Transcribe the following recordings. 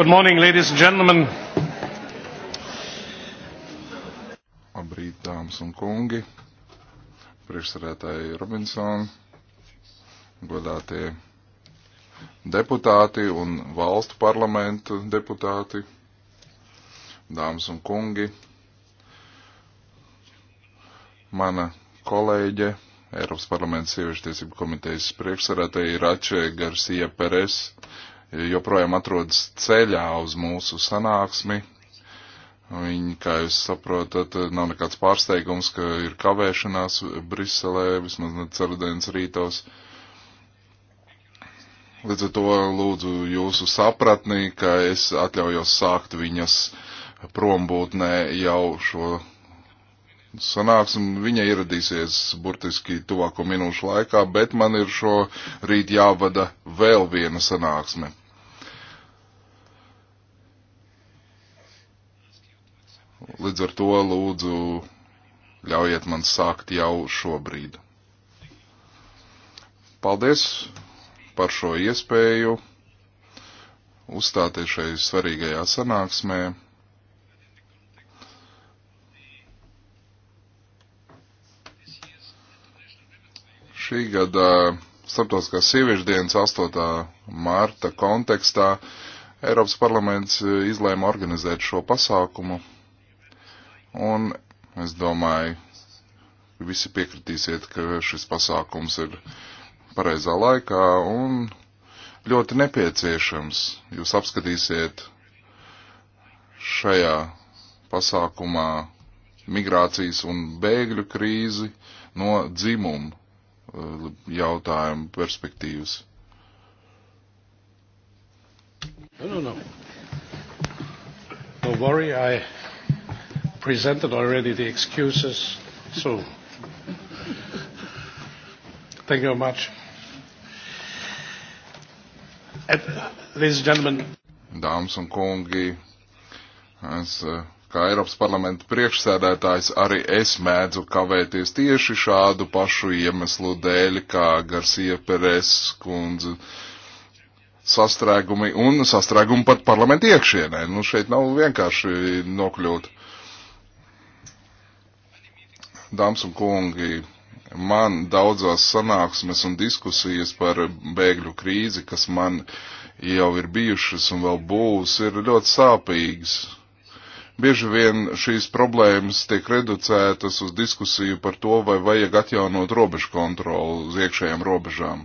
Good morning, ladies and gentlemen. Labrīt, dāmas un kungi, priekšsarētāji Robinson, godātie deputāti un valstu parlamentu deputāti, dāmas un kungi, mana kolēģe, Eiropas parlamenta sieviešu tiesību komitejas priekšsarētāji Rače Garcia Peres, joprojām atrodas ceļā uz mūsu sanāksmi. Viņi, kā jūs saprotat, nav nekāds pārsteigums, ka ir kavēšanās Briselē, vismaz ne ceradienas rītos. Līdz ar to lūdzu jūsu sapratni, ka es atļaujos sākt viņas prombūtnē jau šo sanāksim, viņa ieradīsies burtiski tuvāko minūšu laikā, bet man ir šo rīt jāvada vēl viena sanāksme. Līdz ar to lūdzu ļaujiet man sākt jau šobrīd. Paldies par šo iespēju uzstāties šai svarīgajā sanāksmē. Šī gada starptautiskās sieviešu dienas 8. mārta kontekstā Eiropas parlaments e, izlēma organizēt šo pasākumu. Un es domāju, visi piekritīsiet, ka šis pasākums ir pareizā laikā un ļoti nepieciešams. Jūs apskatīsiet šajā pasākumā migrācijas un bēgļu krīzi no dzimuma Eh, jautājumu perspektīvas. No, no, no. Don't worry, I presented already the excuses, so thank you very much. And, uh, ladies and gentlemen, Dāmas un kungi, es uh, kā Eiropas parlamenta priekšsēdētājs, arī es mēdzu kavēties tieši šādu pašu iemeslu dēļ, kā Garcia Peres kundze sastrēgumi un sastrēgumi pat parlamenta iekšienē. Nu, šeit nav vienkārši nokļūt. Dāmas un kungi, man daudzās sanāksmes un diskusijas par bēgļu krīzi, kas man jau ir bijušas un vēl būs, ir ļoti sāpīgas Bieži vien šīs problēmas tiek reducētas uz diskusiju par to, vai vajag atjaunot robežu kontroli uz iekšējām robežām.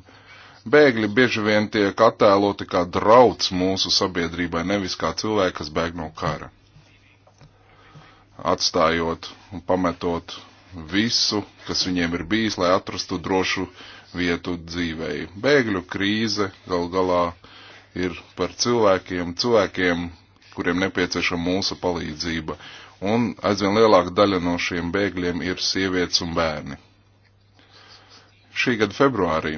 Bēgļi bieži vien tiek attēloti kā drauds mūsu sabiedrībai, nevis kā cilvēki, kas bēg no kara. Atstājot un pametot visu, kas viņiem ir bijis, lai atrastu drošu vietu dzīvēi. Bēgļu krīze gal galā ir par cilvēkiem, cilvēkiem, kuriem nepieciešama mūsu palīdzība, un aizvien lielāka daļa no šiem bēgļiem ir sievietes un bērni. Šī gada februārī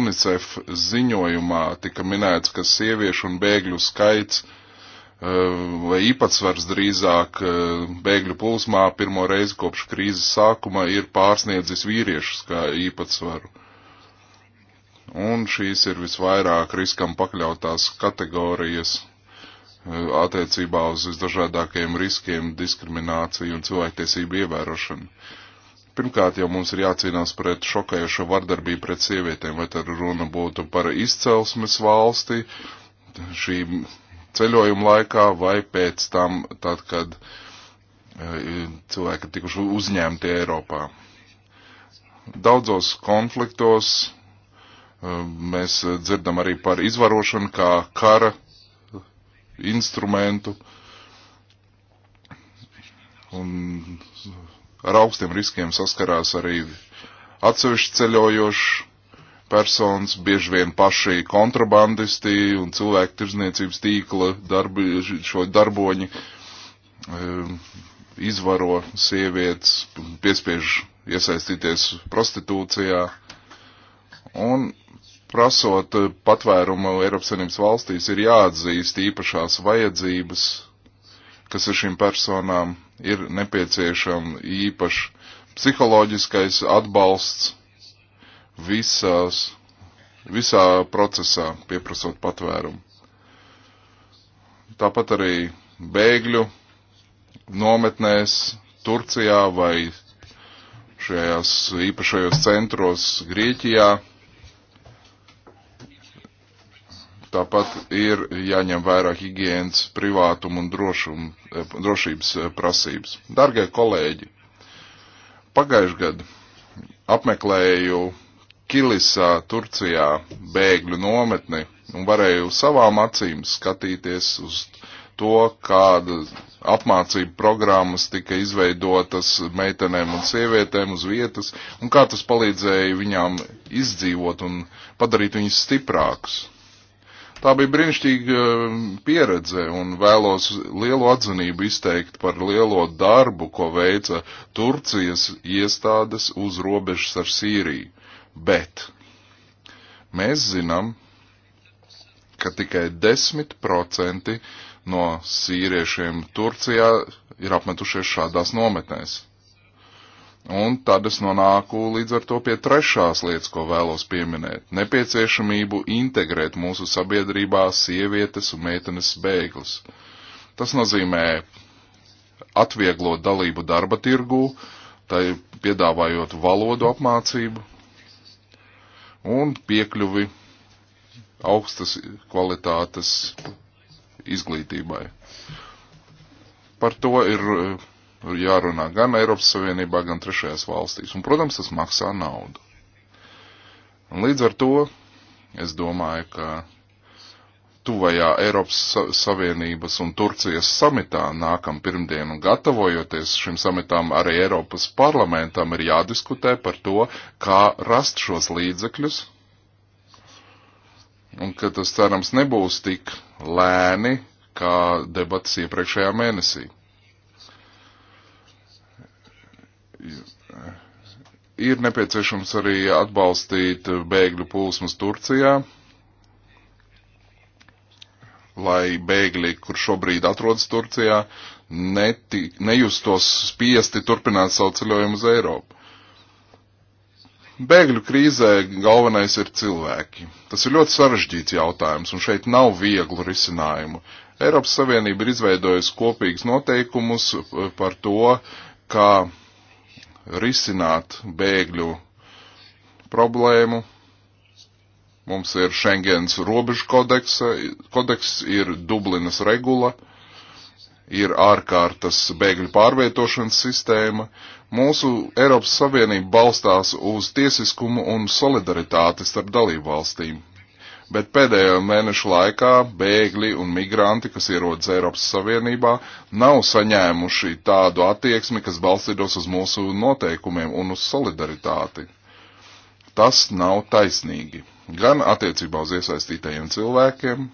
UNICEF ziņojumā tika minēts, ka sieviešu un bēgļu skaits eh, vai īpatsvars drīzāk eh, bēgļu plūsmā pirmo reizi kopš krīzes sākuma ir pārsniedzis vīriešu īpatsvaru un šīs ir visvairāk riskam pakļautās kategorijas attiecībā uz visdažādākajiem riskiem, diskrimināciju un cilvēktiesību ievērošanu. Pirmkārt, jau mums ir jācīnās pret šokējošo vardarbību pret sievietēm, vai tad runa būtu par izcelsmes valsti šī ceļojuma laikā vai pēc tam, tad, kad e, cilvēki tikuši uzņemti Eiropā. Daudzos konfliktos e, mēs dzirdam arī par izvarošanu kā kara instrumentu un ar augstiem riskiem saskarās arī atsevišķi ceļojoši personas, bieži vien paši kontrabandisti un cilvēku tirzniecības tīkla darbi, šo darboņi ehm, izvaro sievietes, piespiež iesaistīties prostitūcijā. Un prasot eh, patvērumu Eiropas Savienības valstīs, ir jāatzīst īpašās vajadzības, kas ir šīm personām, ir nepieciešama īpaša psiholoģiskais atbalsts visās, visā procesā pieprasot patvērumu. Tāpat arī bēgļu nometnēs Turcijā vai šajās īpašajos centros Grieķijā Tāpat ir jāņem vērā higiēnas, privātuma un drošum, eh, drošības eh, prasības. Dargie kolēģi, pagājuši gadu apmeklēju Kilisā, Turcijā, bēgļu nometni un varēju savām acīm skatīties uz to, kāda apmācība programmas tika izveidotas meitenēm un sievietēm uz vietas, un kā tas palīdzēja viņām izdzīvot un padarīt viņus stiprākus. Tā bija brīnišķīga um, pieredze un vēlos lielu atzinību izteikt par lielo darbu, ko veica Turcijas iestādes uz robežas ar Sīriju. Bet mēs zinām, ka tikai 10% no sīriešiem Turcijā ir apmetušies šādās nometnēs. Un tad es nonāku līdz ar to pie trešās lietas, ko vēlos pieminēt - nepieciešamību integrēt mūsu sabiedrībā sievietes un meitenes bēglis. Tas nozīmē atvieglot dalību darba tirgū, tai piedāvājot valodu apmācību un piekļuvi augstas kvalitātes izglītībai. Par to ir jārunā gan Eiropas Savienībā, gan trešajās valstīs. Un, protams, tas maksā naudu. Un līdz ar to es domāju, ka tuvajā Eiropas Savienības un Turcijas samitā nākam pirmdien un gatavojoties šim samitām arī Eiropas parlamentam ir jādiskutē par to, kā rast šos līdzekļus un ka tas cerams nebūs tik lēni kā debats iepriekšējā mēnesī. Ir nepieciešams arī atbalstīt bēgļu plūsmas Turcijā, lai bēgļi, kur šobrīd atrodas Turcijā, neti, nejustos spiesti turpināt savu ceļojumu uz Eiropu. Bēgļu krīzē galvenais ir cilvēki. Tas ir ļoti sarežģīts jautājums, un šeit nav vieglu risinājumu. Eiropas Savienība ir izveidojusi kopīgus noteikumus par to, kā risināt bēgļu problēmu. Mums ir Schengens robežu kodeksa, kodeks, ir Dublinas regula, ir ārkārtas bēgļu pārvietošanas sistēma. Mūsu Eiropas Savienība balstās uz tiesiskumu un solidaritāti starp dalību valstīm bet pēdējo mēnešu laikā bēgļi un migranti, kas ierodas Eiropas Savienībā, nav saņēmuši tādu attieksmi, kas balstītos uz mūsu noteikumiem un uz solidaritāti. Tas nav taisnīgi gan attiecībā uz iesaistītajiem cilvēkiem,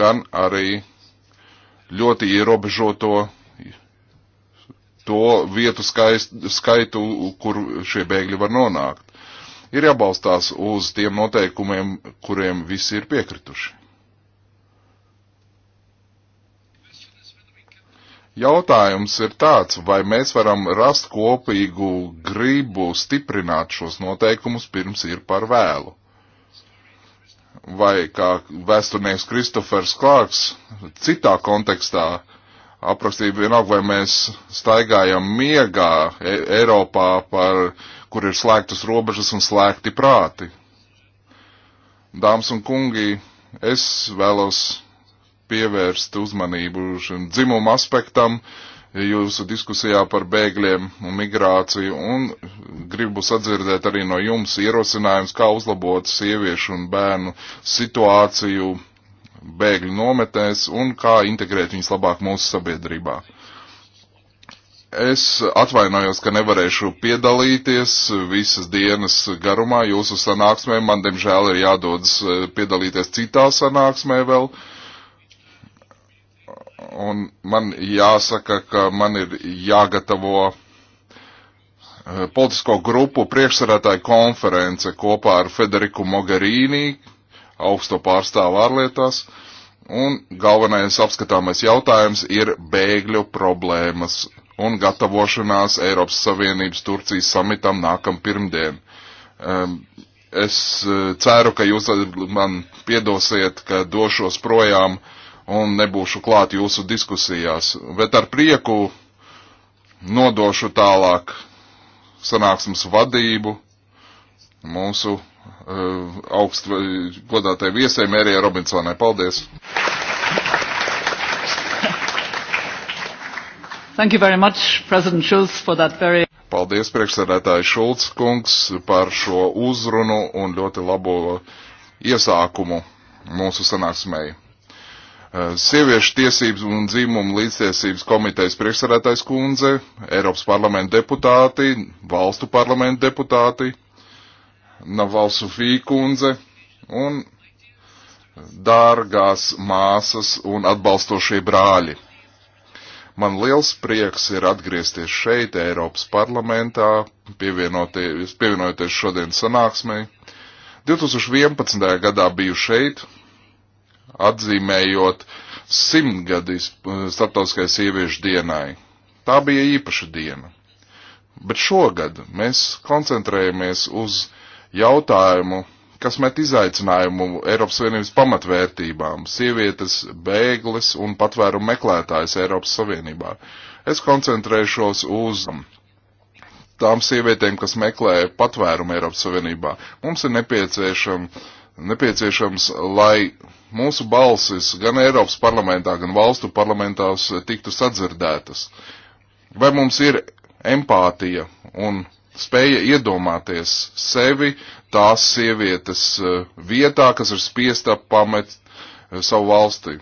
gan arī ļoti ierobežoto to vietu skaistu, skaitu, kur šie bēgļi var nonākt ir jābalstās uz tiem noteikumiem, kuriem visi ir piekrituši. Jautājums ir tāds, vai mēs varam rast kopīgu gribu stiprināt šos noteikumus pirms ir par vēlu. Vai kā vēsturnieks Kristofers Klārks citā kontekstā aprakstīja vienalga, vai mēs staigājam miegā e- Eiropā par uh, kur ir slēgtas robežas un slēgti prāti. Dāmas un kungi, es vēlos pievērst uzmanību šim dzimumu aspektam jūsu diskusijā par bēgļiem un migrāciju, un gribu sadzirdēt arī no jums ierosinājums, kā uzlabot sieviešu un bērnu situāciju bēgļu nometēs un kā integrēt viņus labāk mūsu sabiedrībā. Es atvainojos, ka nevarēšu piedalīties visas dienas garumā jūsu sanāksmē. Man, diemžēl, ir jādodas eh, piedalīties citā sanāksmē vēl. Un man jāsaka, ka man ir jāgatavo eh, politisko grupu priekšsarētāju konference kopā ar Federiku Mogherīni, augsto pārstāvu ārlietās. Un galvenais apskatāmais jautājums ir bēgļu problēmas un gatavošanās Eiropas Savienības Turcijas samitam nākam pirmdien. Es e, ceru, ka jūs man piedosiet, ka došos projām un nebūšu klāt jūsu diskusijās, bet ar prieku nodošu tālāk sanāksmes vadību mūsu uh, e, augstgodātai viesai Mērijai Robinsonai. Paldies! Thank you very much, President Schulz, for that very. Paldies, priekšsēdētāji Šulc kungs, par šo uzrunu un ļoti labo iesākumu mūsu sanāksmēji. Eh, Sieviešu tiesības un dzīmumu līdztiesības komitejas priekšsēdētājs kundze, Eiropas parlamenta deputāti, valstu parlamenta deputāti, Navalsu Fī kundze un dārgās māsas un atbalstošie brāļi. Man liels prieks ir atgriezties šeit, Eiropas parlamentā, pievienojoties šodien sanāksmei. 2011. gadā biju šeit, atzīmējot simtgadis starptautiskai sieviešu dienai. Tā bija īpaša diena. Bet šogad mēs koncentrējamies uz jautājumu, kas met izaicinājumu Eiropas Savienības pamatvērtībām - sievietes, bēgles un patvērumu meklētājs Eiropas Savienībā. Es koncentrēšos uz tām sievietēm, kas meklē patvērumu Eiropas Savienībā. Mums ir nepieciešam, nepieciešams, lai mūsu balsis gan Eiropas parlamentā, gan valstu parlamentās tiktu sadzirdētas. Vai mums ir empātija un spēja iedomāties sevi tās sievietes eh, vietā, kas ir spiesta pamet eh, savu valsti.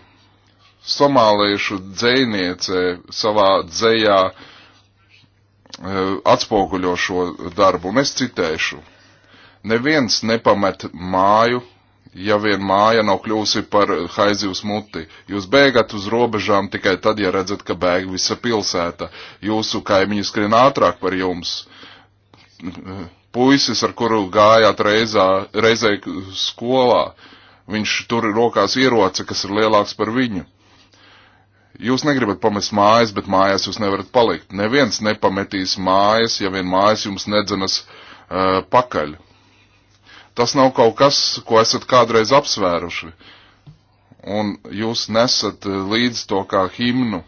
Somāliešu dzēniece savā dzējā eh, atspoguļo šo darbu, un es citēšu. Neviens nepamet māju, ja vien māja nav kļūsi par haizivs muti. Jūs bēgat uz robežām tikai tad, ja redzat, ka bēg visa pilsēta. Jūsu kaimiņi skrien ātrāk par jums puisis, ar kuru gājāt reizā, reizē skolā. Viņš tur rokās ieroce, kas ir lielāks par viņu. Jūs negribat pamest mājas, bet mājās jūs nevarat palikt. Neviens nepametīs mājas, ja vien mājas jums nedzenas uh, pakaļ. Tas nav kaut kas, ko esat kādreiz apsvēruši. Un jūs nesat eh, līdz to kā himnu.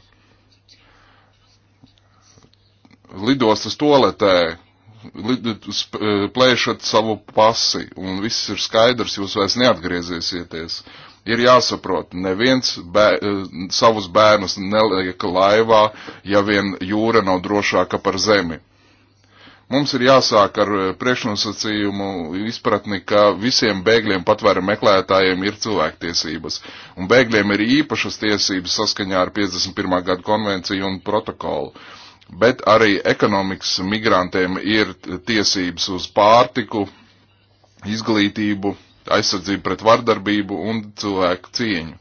Lidostas toaletē E, plēšat savu pasi, un viss ir skaidrs, jūs vairs neatgriezīsieties. Ir jāsaprot, neviens bē, e, savus bērnus neliek laivā, ja vien jūra nav drošāka par zemi. Mums ir jāsāk ar e, priekšnosacījumu izpratni, ka visiem bēgļiem patvēra meklētājiem ir cilvēktiesības, un bēgļiem ir īpašas tiesības saskaņā ar 51. gadu konvenciju un protokolu bet arī ekonomikas migrantiem ir tiesības uz pārtiku, izglītību, aizsardzību pret vardarbību un cilvēku cieņu.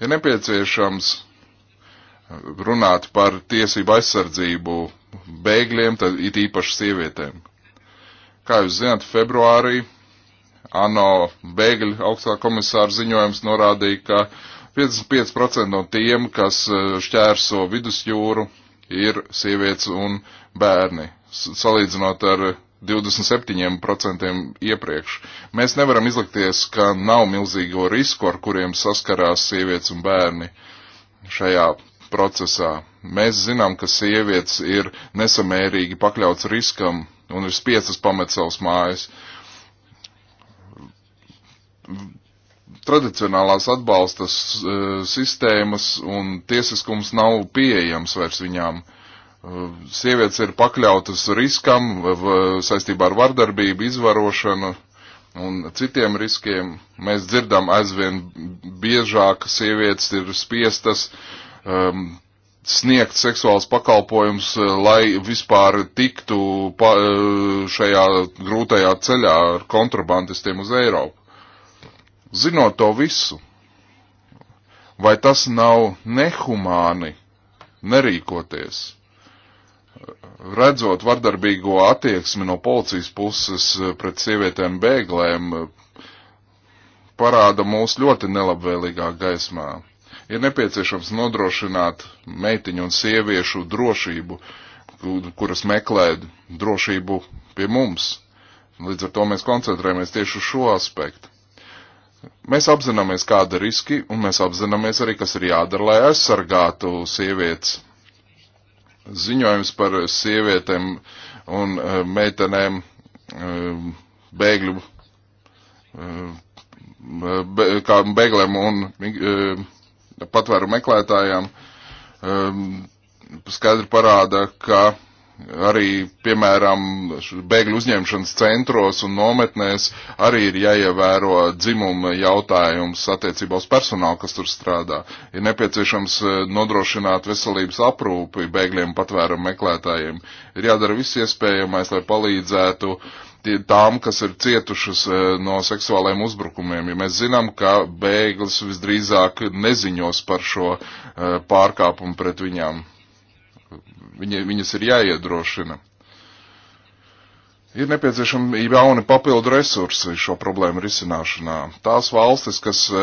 Ir nepieciešams eh, runāt par tiesību aizsardzību bēgļiem, tad it īpaši sievietēm. Kā jūs zināt, februārī ANO bēgļu augstā komisāra ziņojums norādīja, ka 55% no tiem, kas eh, šķērso vidusjūru, ir sievietes un bērni, salīdzinot ar 27% iepriekš. Mēs nevaram izlikties, ka nav milzīgo risku, ar kuriem saskarās sievietes un bērni šajā procesā. Mēs zinām, ka sievietes ir nesamērīgi pakļauts riskam un ir spiestas pamet savus mājas tradicionālās atbalsta e, sistēmas un tiesiskums nav pieejams vairs viņām. E, sievietes ir pakļautas riskam saistībā ar vardarbību, izvarošanu un citiem riskiem. Mēs dzirdam aizvien biežāk, sievietes ir spiestas um, sniegt seksuāls pakalpojums, e, lai vispār tiktu pa, šajā grūtajā ceļā ar kontrabandistiem uz Eiropu. Zinot to visu, vai tas nav nehumāni nerīkoties? Redzot vardarbīgo attieksmi no policijas puses pret sievietēm bēglēm, parāda mūs ļoti nelabvēlīgā gaismā. Ir nepieciešams nodrošināt meitiņu un sieviešu drošību, kuras meklē drošību pie mums. Līdz ar to mēs koncentrējamies tieši uz šo aspektu. Mēs apzināmies, kāda ir riski, un mēs apzināmies arī, kas ir jādara, lai aizsargātu sievietes. Ziņojums par sievietēm un eh, meitenēm eh, bēgļu, eh, be, kā bēgliem un patvēru meklētājām skaidri parāda, ka Arī, piemēram, bēgļu uzņemšanas centros un nometnēs arī ir jāievēro dzimuma jautājums attiecībā uz personālu, kas tur strādā. Ir nepieciešams eh, nodrošināt veselības aprūpi bēgļiem patvēram meklētājiem. Ir jādara viss iespējamais, lai palīdzētu uh, tām, kas ir cietušas eh, no seksuālajiem uzbrukumiem. Ja mēs zinām, ka bēglis visdrīzāk neziņos par šo eh, pārkāpumu pret viņām. Viņa, viņas ir jāiedrošina. Ir nepieciešami jauni papildu resursi šo problēmu risināšanā. Tās valstis, kas e,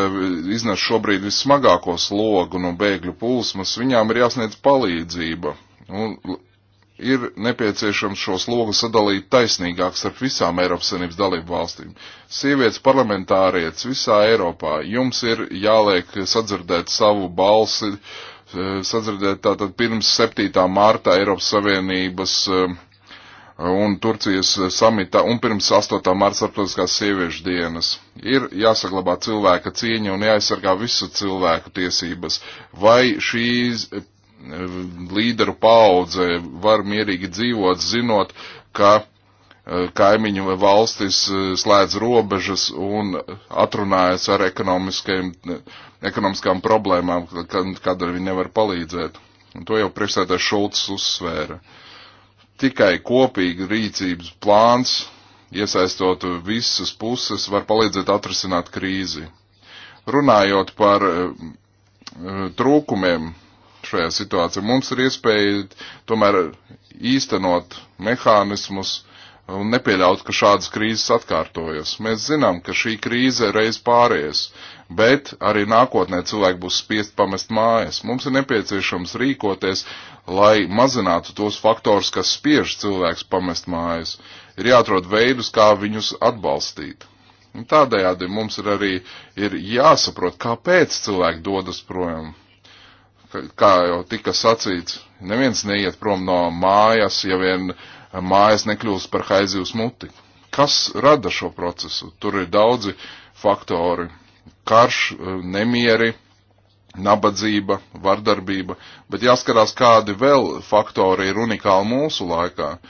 iznes šobrīd vismagāko slogu no bēgļu plūsmas, viņām ir jāsniedz palīdzība. Un nu, ir nepieciešams šo slogu sadalīt taisnīgāk starp visām Eiropas Savienības dalību valstīm. Sievietes parlamentārietes visā Eiropā, jums ir jāliek sadzirdēt savu balsi sadzirdēt tātad pirms 7. mārta Eiropas Savienības eh, un Turcijas samita un pirms 8. mārta starptautiskās sieviešu dienas. Ir jāsaglabā cilvēka cieņa un jāaizsargā visu cilvēku tiesības. Vai šīs eh, līderu paudze var mierīgi dzīvot, zinot, ka Eh, kaimiņu valstis eh, slēdz robežas un atrunājas ar ekonomiskām problēmām, kādēļ viņi nevar palīdzēt. Un to jau priekšsēdētājs Šulcs uzsvēra. Tikai kopīgi rīcības plāns, iesaistot visas puses, var palīdzēt atrisināt krīzi. Runājot par eh, trūkumiem šajā situācijā, mums ir iespēja tomēr īstenot mehānismus, uh, un nepieļaut, ka šādas krīzes atkārtojas. Mēs zinām, ka šī krīze reiz pāries, bet arī nākotnē cilvēki būs spiest pamest mājas. Mums ir nepieciešams rīkoties, lai mazinātu tos faktors, kas spiež cilvēks pamest mājas. Ir jāatrod veidus, kā viņus atbalstīt. Un tādējādi mums ir arī ir jāsaprot, kāpēc cilvēki dodas projām. Kā jau tika sacīts, neviens neiet prom no mājas, ja vien uh, mājas nekļūst par haizivs muti. Kas rada šo procesu? Tur ir daudzi faktori. Karš, e, nemieri, nabadzība, vardarbība, bet jāskarās, kādi vēl faktori ir unikāli mūsu laikā, e,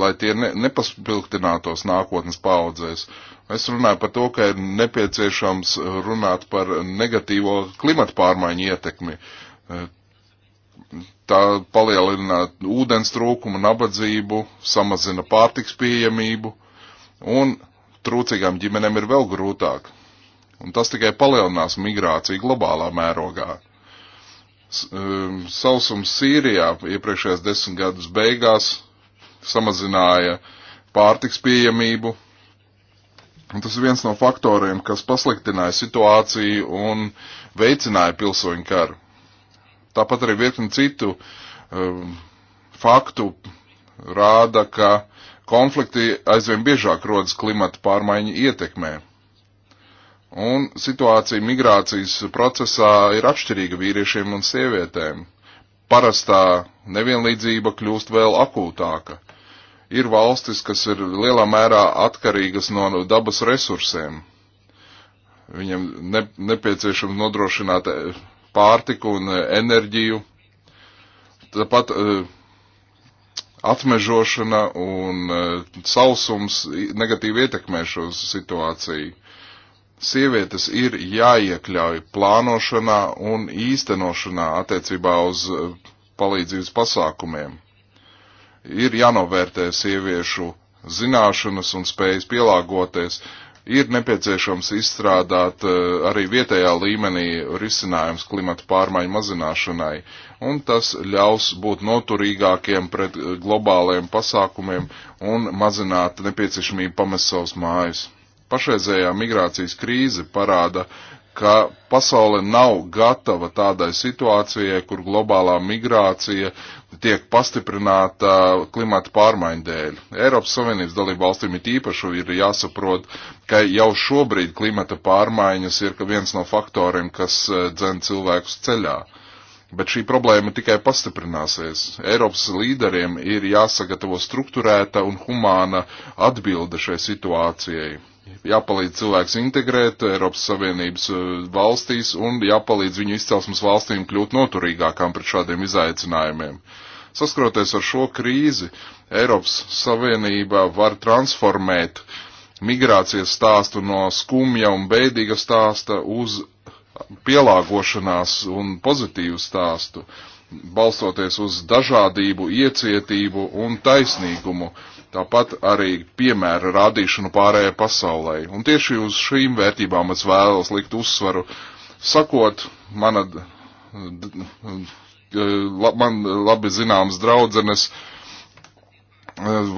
lai tie ne, nepaspilgtinātos nākotnes paudzēs. Es runāju par to, ka ir nepieciešams runāt par negatīvo klimatu pārmaiņu ietekmi. E, tā palielina ūdens trūkumu, nabadzību, samazina pārtiks pieejamību, un trūcīgām ģimenēm ir vēl grūtāk. Un tas tikai palielinās migrāciju globālā mērogā. Um, sausums Sīrijā iepriekšējās desmit gadus beigās samazināja pārtiks pieejamību. Un tas ir viens no faktoriem, kas pasliktināja situāciju un veicināja pilsoņu karu. Tāpat arī virkni citu um, faktu rāda, ka konflikti aizvien biežāk rodas klimata pārmaiņu ietekmē. Un situācija migrācijas procesā ir atšķirīga vīriešiem un sievietēm. Parastā nevienlīdzība kļūst vēl akūtāka. Ir valstis, kas ir lielā mērā atkarīgas no dabas resursiem. Viņam ne, nepieciešams nodrošināt eh, pārtiku un e, enerģiju, tāpat e, atmežošana un e, sausums negatīvi ietekmē šo situāciju. Sievietes ir jāiekļauj plānošanā un īstenošanā attiecībā uz palīdzības pasākumiem. Ir jānovērtē sieviešu zināšanas un spējas pielāgoties ir nepieciešams izstrādāt eh, arī vietējā līmenī risinājums klimata pārmaiņu mazināšanai, un tas ļaus būt noturīgākiem pret eh, globālajiem pasākumiem un mazināt nepieciešamību pamest savus mājas. Pašreizējā migrācijas krīze parāda, ka pasaule nav gatava tādai situācijai, kur globālā migrācija tiek pastiprināta klimata pārmaiņu dēļ. Eiropas Savienības dalību valstīm it īpaši ir jāsaprot, ka jau šobrīd klimata pārmaiņas ir viens no faktoriem, kas eh, dzen cilvēkus ceļā. Bet šī problēma tikai pastiprināsies. Eiropas līderiem ir jāsagatavo struktūrēta un humāna atbilde šai situācijai jāpalīdz cilvēks integrēt Eiropas Savienības eh, valstīs un jāpalīdz viņu izcelsmes valstīm kļūt noturīgākām pret šādiem izaicinājumiem. Saskroties ar šo krīzi, Eiropas Savienība var transformēt migrācijas stāstu no skumja un beidīga stāsta uz pielāgošanās un pozitīvu stāstu, balstoties uz dažādību, iecietību un taisnīgumu, tāpat arī piemēra rādīšanu pārējai pasaulē. Un tieši uz šīm vērtībām es vēlos likt uzsvaru, sakot, mana, man labi zināms draudzenes e,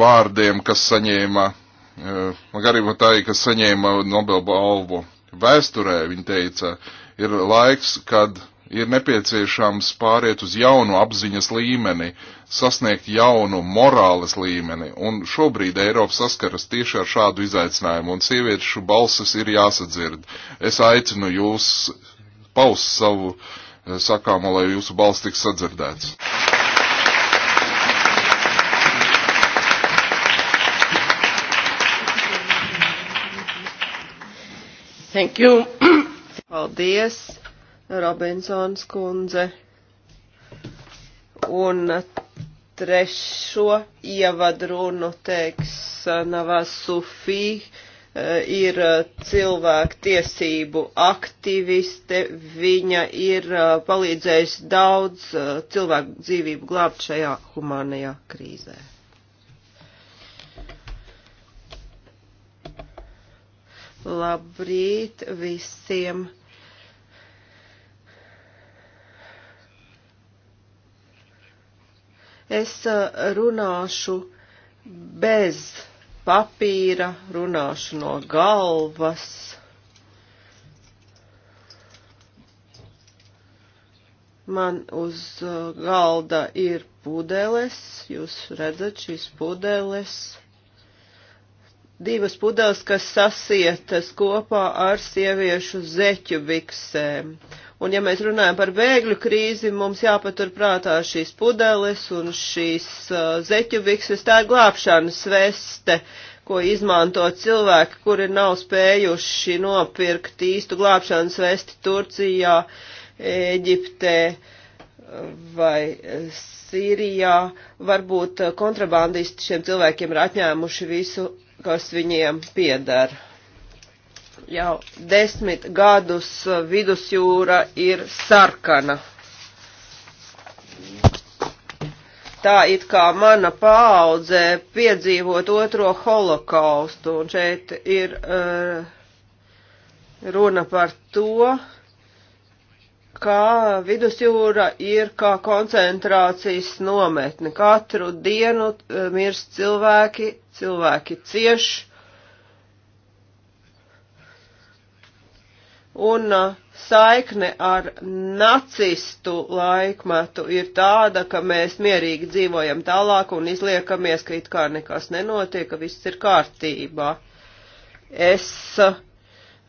vārdiem, kas saņēma, e, garība tā, kas saņēma Nobelbalvu vēsturē, viņa teica, ir laiks, kad ir nepieciešams pāriet uz jaunu apziņas līmeni, sasniegt jaunu morāles līmeni, un šobrīd Eiropa saskaras tieši ar šādu izaicinājumu, un sieviešu balsis ir jāsadzird. Es aicinu jūs paust savu eh, sakāmu, lai jūsu balss tiks sadzirdēts. Thank you. Paldies. Robinsons kundze. Un trešo ievadrunu teiks eh, Navas Sufī, eh, ir eh, cilvēku tiesību aktiviste, viņa ir palīdzējusi daudz cilvēku dzīvību glābt šajā humānajā krīzē. Labrīt visiem! Es uh, runāšu bez papīra, runāšu no galvas. Man uz uh, galda ir pudeles, jūs redzat šīs pudeles divas pudeles, kas sasietas kopā ar sieviešu zeķu biksēm. Un ja mēs runājam par bēgļu krīzi, mums jāpatur prātā šīs pudeles un šīs uh, zeķuvikses, tā ir glābšanas veste, ko izmanto cilvēki, kuri nav spējuši nopirkt īstu glābšanas vesti Turcijā, Eģiptē vai Sīrijā. Varbūt kontrabandisti šiem cilvēkiem ir atņēmuši visu, kas viņiem piedara. Jau desmit gadus vidusjūra ir sarkana. Tā it kā mana paudze piedzīvot otro holokaustu, un šeit ir uh, runa par to, kā vidusjūra ir kā koncentrācijas nometne. Katru dienu eh, mirst cilvēki, cilvēki cieš, un uh, saikne ar nacistu laikmetu ir tāda, ka mēs mierīgi dzīvojam tālāk un izliekamies, ka it kā nekas nenotiek, ka viss ir kārtībā. Es uh,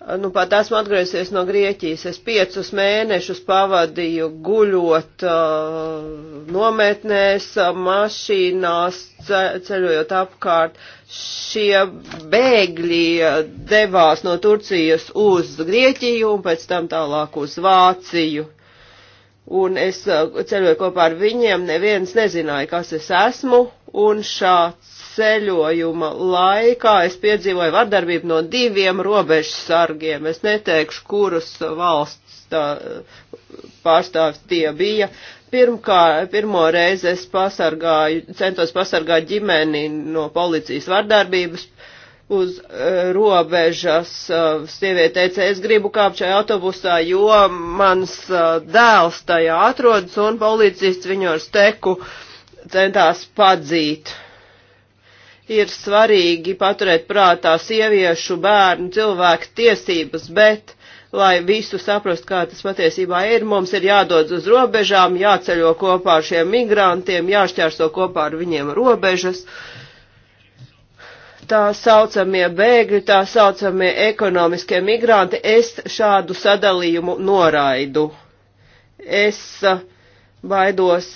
Nu, pat esmu atgriezies no Grieķijas. Es piecus mēnešus pavadīju guļot uh, nometnēs, mašīnās, ceļojot apkārt. Šie bēgļi uh, devās no Turcijas uz Grieķiju un pēc tam tālāk uz Vāciju. Un es uh, ceļoju kopā ar viņiem, neviens nezināja, kas es esmu, un šāds ceļojuma laikā es piedzīvoju vardarbību no diviem robežsargiem. Es neteikšu, kuras valsts tā, pārstāvis tie bija. Pirmkār, pirmo reizi es pasargāju, centos pasargāt ģimeni no policijas vardarbības uz e, robežas. E, Sieviete teica, es gribu kāpt šajā autobusā, jo mans e, dēls tajā atrodas un policists viņu ar steku centās padzīt ir svarīgi paturēt prātā sieviešu, bērnu, cilvēku tiesības, bet, lai visu saprastu, kā tas patiesībā ir, mums ir jādod uz robežām, jāceļo kopā ar šiem migrantiem, jāšķērso kopā ar viņiem robežas. Tā saucamie bēgļi, tā saucamie ekonomiskie migranti, es šādu sadalījumu noraidu. Es uh, baidos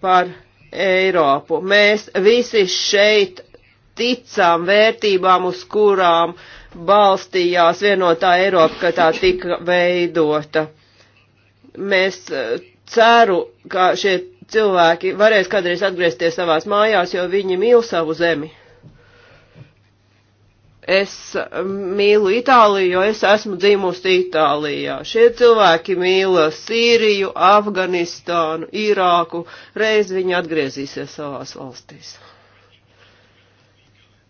par Eiropu. Mēs visi šeit ticām vērtībām, uz kurām balstījās vienotā Eiropa, ka tā tika veidota. Mēs eh, ceru, ka šie cilvēki varēs kādreiz atgriezties savās mājās, jo viņi mīl savu zemi. Es eh, mīlu Itāliju, jo es esmu dzimusi Itālijā. Šie cilvēki mīl Sīriju, Afganistānu, Irāku. Reiz viņi atgriezīsies savās valstīs.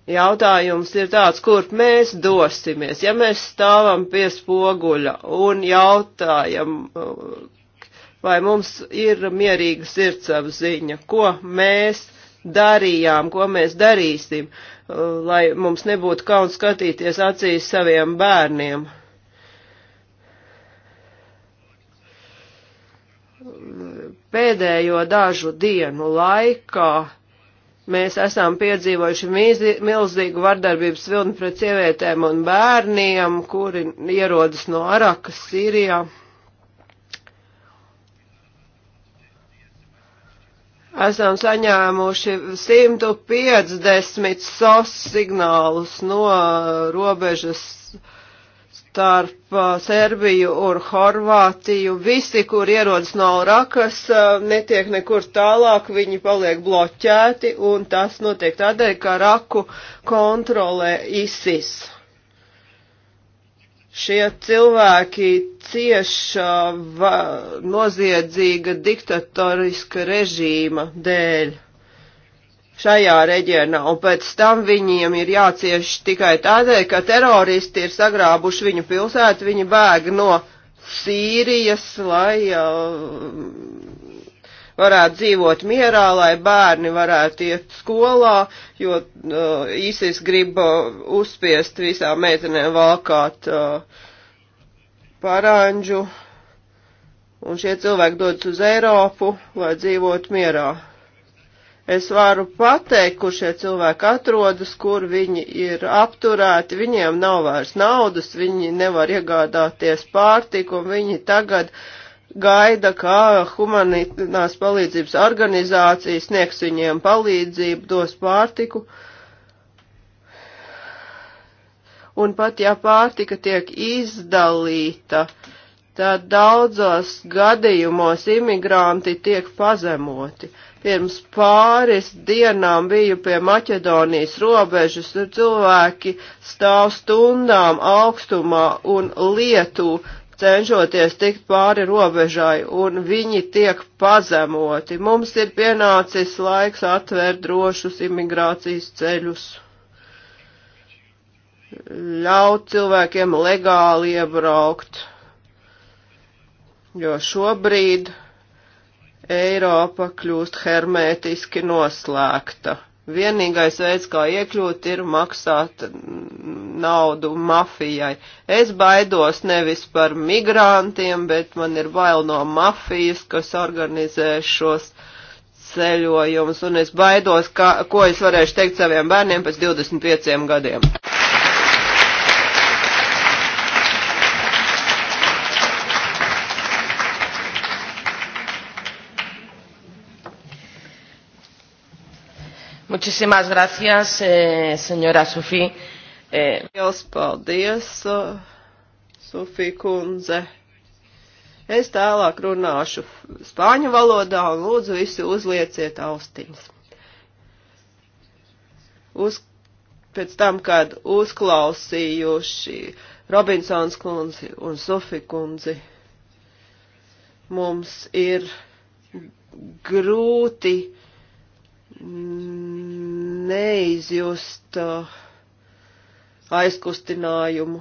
Jautājums ir tāds, kur mēs dosimies. Ja mēs stāvam pie spoguļa un jautājam, vai mums ir mierīga sirdsapziņa, ko mēs darījām, ko mēs darīsim, lai mums nebūtu kauns skatīties acīs saviem bērniem. Pēdējo dažu dienu laikā Mēs esam piedzīvojuši mīzi, milzīgu vardarbības vilni pret sievietēm un bērniem, kuri ierodas no Arakas, Sīrijā. esam saņēmuši 150 SOS signālus no robežas starp uh, Serbiju un Horvātiju. Visi, kur ierodas no Rakas, uh, netiek nekur tālāk, viņi paliek bloķēti, un tas notiek tādēļ, ka Raku kontrolē ISIS. Šie cilvēki cieša uh, noziedzīga diktatoriska režīma dēļ šajā reģionā, un pēc tam viņiem ir jācieš tikai tādēļ, ka teroristi ir sagrābuši viņu pilsētu, viņi bēg no Sīrijas, lai uh, varētu dzīvot mierā, lai bērni varētu iet skolā, jo uh, ISIS grib uh, uzspiest visām meitenēm valkāt uh, paranžu, un šie cilvēki dodas uz Eiropu, lai dzīvot mierā. Es varu pateikt, kur šie cilvēki atrodas, kur viņi ir apturēti, viņiem nav vairs naudas, viņi nevar iegādāties pārtiku, un viņi tagad gaida, kā humanitārās palīdzības organizācijas sniegs viņiem palīdzību, dos pārtiku. Un pat ja pārtika tiek izdalīta, tad daudzos gadījumos imigranti tiek pazemoti. Uh, Pirms pāris dienām biju pie Maķedonijas robežas, tur cilvēki stāv stundām augstumā un lietu, cenšoties tikt pāri robežai, un viņi tiek pazemoti. Mums ir pienācis laiks atvērt drošus imigrācijas ceļus ļaut cilvēkiem legāli iebraukt, jo šobrīd Eiropa kļūst hermētiski noslēgta. Vienīgais veids, kā iekļūt, ir maksāt naudu mafijai. Es baidos nevis par migrantiem, bet man ir bail no mafijas, kas organizē šos ceļojumus, un es baidos, ka, ko es varēšu teikt saviem bērniem pēc 25 gadiem. Muchísimas gracias, eh, señora Sofija. Eh. Liels paldies, uh, eh, Sofija kundze. Es tālāk runāšu spāņu valodā un lūdzu visi uzlieciet austiņas. Uz, pēc tam, kad uzklausījuši Robinsons kundzi un Sofija kundzi, mums ir grūti neizjust uh, aizkustinājumu,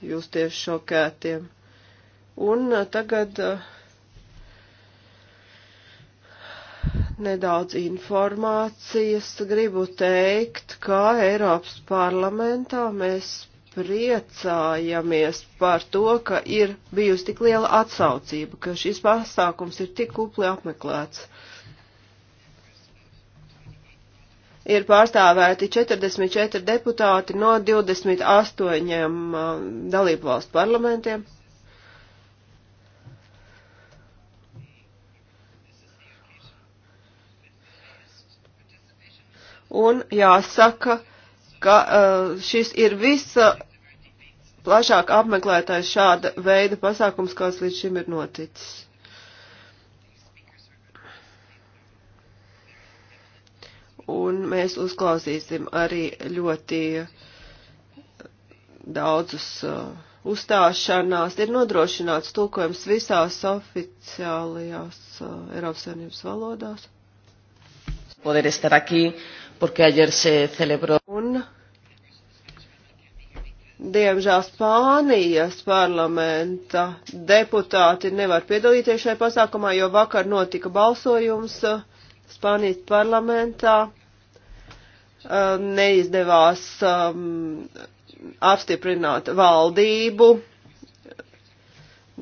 justies šokētiem. Un uh, tagad uh, nedaudz informācijas. Gribu teikt, ka Eiropas parlamentā mēs priecājamies par to, ka ir bijusi tik liela atsaucība, ka šis pasākums ir tik upli apmeklēts. Uh, ir pārstāvēti 44 deputāti no 28 um, dalību valstu parlamentiem. Un jāsaka, ka uh, šis ir visa plašāk apmeklētājs šāda veida pasākums, kāds līdz šim ir noticis. un mēs uzklausīsim arī ļoti daudzus uh, uzstāšanās. Ir nodrošināts tulkojums visās oficiālajās uh, Eiropas Savienības valodās. Poder estar aquí, porque ayer se celebró. Un Diemžēl Spānijas parlamenta deputāti nevar piedalīties šajā pasākumā, jo vakar notika balsojums uh, Spānijas parlamentā um, neizdevās um, apstiprināt valdību,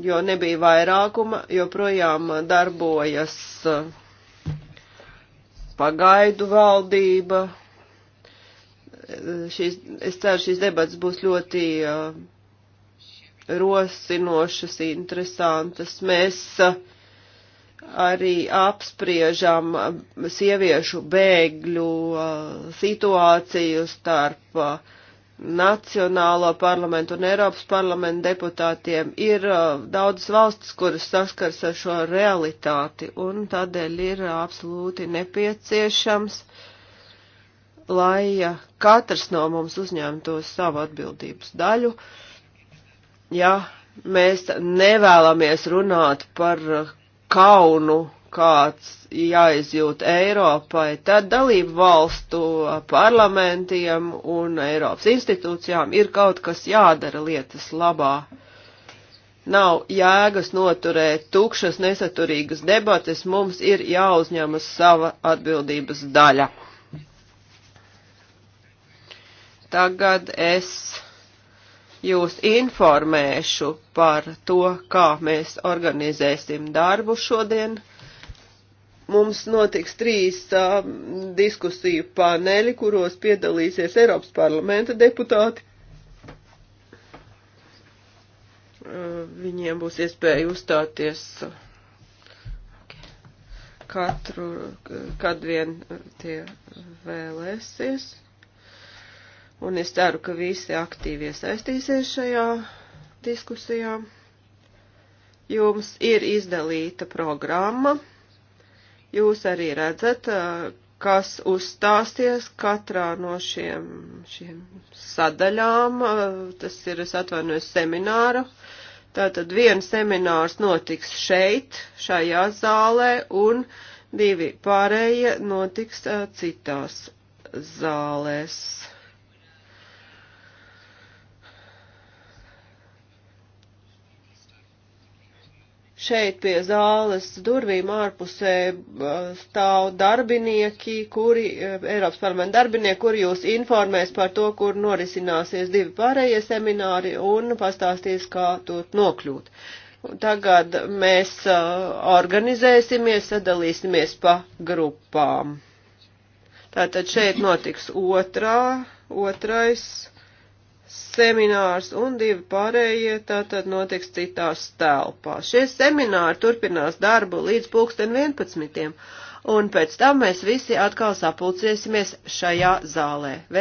jo nebija vairākuma, joprojām darbojas uh, pagaidu valdība. Uh, Šis, es ceru, šīs debats būs ļoti uh, rosinošas, interesantas. Mēs uh, arī apspriežam sieviešu bēgļu uh, situāciju starp uh, Nacionālo parlamentu un Eiropas parlamentu deputātiem ir uh, daudzas valstis, kuras saskars ar šo realitāti, un tādēļ ir absolūti nepieciešams, lai katrs no mums uzņemtos savu atbildības daļu, ja mēs nevēlamies runāt par kaunu kāds jāizjūt Eiropai, tad dalību valstu parlamentiem un Eiropas institūcijām ir kaut kas jādara lietas labā. Nav jēgas noturēt tukšas nesaturīgas debates, mums ir jāuzņemas sava atbildības daļa. Tagad es jūs informēšu par to, kā mēs organizēsim darbu šodien. Mums notiks trīs uh, diskusiju paneļi, kuros piedalīsies Eiropas parlamenta deputāti. Uh, viņiem būs iespēja uzstāties katru, kad vien tie vēlēsies un es ceru, ka visi aktīvi iesaistīsies šajā diskusijā. Jums ir izdalīta programma. Jūs arī redzat, kas uzstāsies katrā no šiem, šiem sadaļām. Tas ir, es atvainojos, semināru. Tātad viens seminārs notiks šeit, šajā zālē, un divi pārējie notiks citās zālēs. Šeit pie zāles durvīm ārpusē uh, stāv darbinieki, kuri, uh, Eiropas parlamenta darbinieki, kuri jūs informēs par to, kur norisināsies divi pārējie semināri un pastāstīs, kā tur nokļūt. Tagad mēs uh, organizēsimies, sadalīsimies pa grupām. Tātad šeit notiks otrā, otrais seminārs un divi pārējie tātad notiks citās telpās. Šie semināri turpinās darbu līdz pulksten 11. un pēc tam mēs visi atkal sapulciesimies šajā zālē.